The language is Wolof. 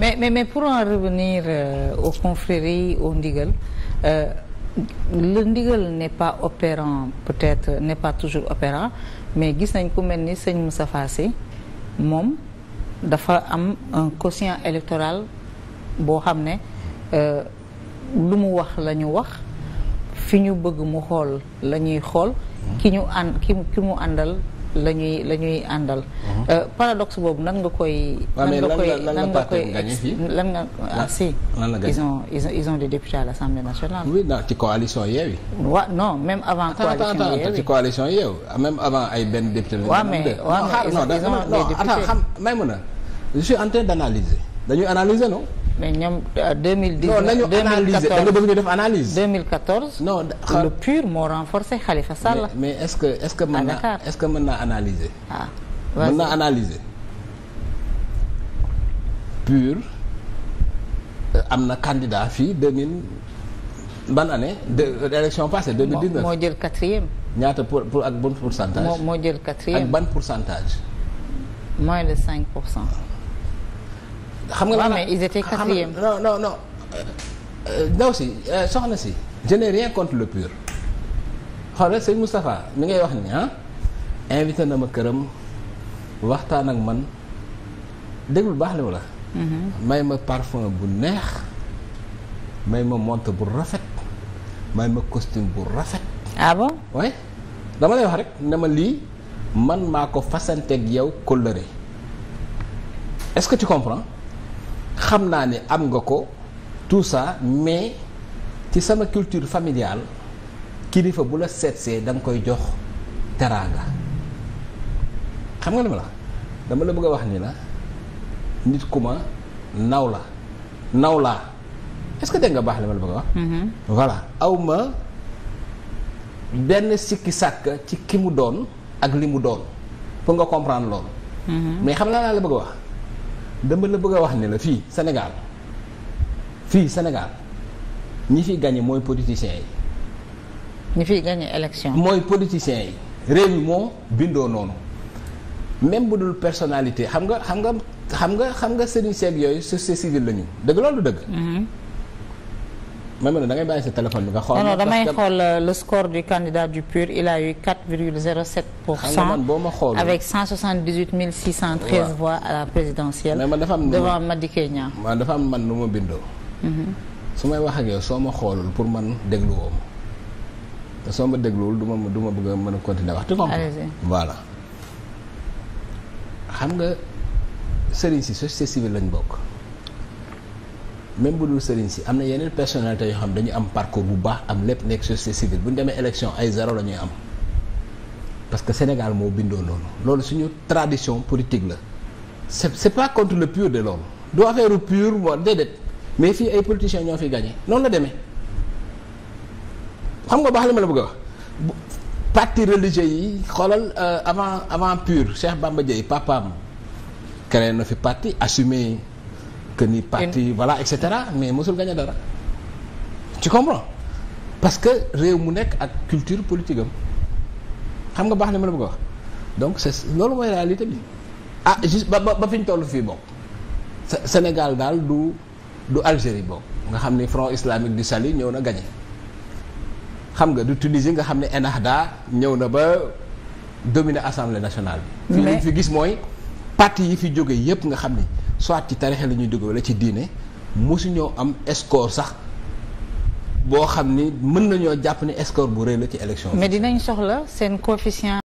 mais mais mais pour en revenir euh, aux confréries au ndigal euh, ndigal n'est pas opérant peut-être ne pas toujours opérant mais gis nañ ku mel ni sëñ Moussa si moom dafa am un quotient électoral boo xam ne euh, lu mu wax la ñu wax fi ñu bëgg mu xool la ñuy xool ki ñu ànd ki mu àndal la ñuy la ñuy àndal. Mhm. Euh, paradoxe boobu nan nga koy. nan nga koy nan nga koy lan nga ah si. lan la ils ont ils ont ils ont des députés à l'Assemblée nationale. oui non ci coalition Yewwi. waaw non même avant. coalition Yewwi ci coalition ah, avant ay benn député. waaw mais waaw mais ils xam may mën a je suis en train d'analyser non. mais ñoom 2010. Euh, non nañu analyser da nga bëgg ñu def analyse. 2014 non ah. le PUR moo renforcé Khalifa Sall. mais est-ce que est-ce que mën naa est-ce que mën naa analyser. ah mën naa analyser. PUR euh, am na candidat fii 2000 ban année de l'élection passée 2019 moo jël quatrième. ñaata pour pour ak bon pourcentage. moo jël quatrième ak ban pourcentage. moins de cinq pour cent. xam nga mais ils étaient euh, ndaw si euh, soxna si je n'ai le pur xoolal sëñ Moustapha mi ngay wax ni ah invité na ma këram waxtaan ak man déglu baax la. Mhm. may ma parfum bu neex may ma montre bu rafet may ma costume bu rafet. ah bon dama lay wax rek ne ma lii man maa ko fasanteeg yow kóllëre est-ce que tu comprends. xam naa ne am nga ko tout ça mais ci sama culture familiale kilifa bu la seetsee danga koy jox teraanga xam nga li ma la dama la bëgg a wax nii la nit ku ma naw la naw laa est-ce que dégg nga baax li ma la bëgg a wax. Mm-hmm. voilà aw benn sikki sàkk ci ki mu doon ak li mu doon pour nga comprendre loolu. Mm-hmm. mais xam naa laa la bëgg a wax. dama la bëgg a wax ni la fii Sénégal fii Sénégal ñi fi gagné mooy politiciens yi. ñi fiy gagné élection. mooy politiciens yi réew yi moo bindoo noonu même bu dul personnalité xam nga xam nga xam nga xam nga sëriñ seeg yooyu société civile la ñu dëgg loolu dëgg. Mm-hmm. même da ngay bàyyi sa téléphone bi nga xool. non damay xool euh, le score du candidat du PUR il a eu 4,07 pour cent avec 178 613 ouais. voix à la présidentielle. mais man dafa am am man nu ma bindoo. Mm-hmm. su may wax soo ma xoolul pour man dégluwoo soo ma dégluwul du ma du ma bëgg mën a continuer wax. tu comprends voilà. xam nga sëriñ si société civile lañ bokk. même bu dul sëriñ si am na yeneen personnalité yoo xam dañu am parcours bu baax am lépp nekk société civile bu ñu demee élection ay zéro la ñuy am parce que Sénégal moo bindoo loolu loolu suñu tradition politique la c'est c'est pas contre le pur de loolu du affaire pur moo déedéet mais fii ay politiciens ñoo fi gagné noonu la deme xam nga baax li la bëgg a wax parti religieux yi xoolal euh, avant avant pur Cheikh Bamba Dièye papaam créé fi parti assumé que ni parti voilà et cetera mais mosul gañ dara ci comprends parce que réew mu nekk ak culture politique am xam nga baax na ma la bëgg a donc c'est loolu mooy réalité bi ah juste ba ba fi ñu toll fii bokk Sénégal daal du du Algérie bokk nga xam ni Front islamique di sali ñëw na gañe xam nga du Tunisie nga xam ne Ennahda ñëw na ba dominer assemblée nationale bi. fii li fi gis mooy parti yi fi jóge yépp nga xam ni. soit ci tarixe la ñuy dugg wala ci diine mosuñoo am score sax boo xam ni mën nañoo jàpp ni score bu rëy la ci élection mais dinañ soxla seen coefficient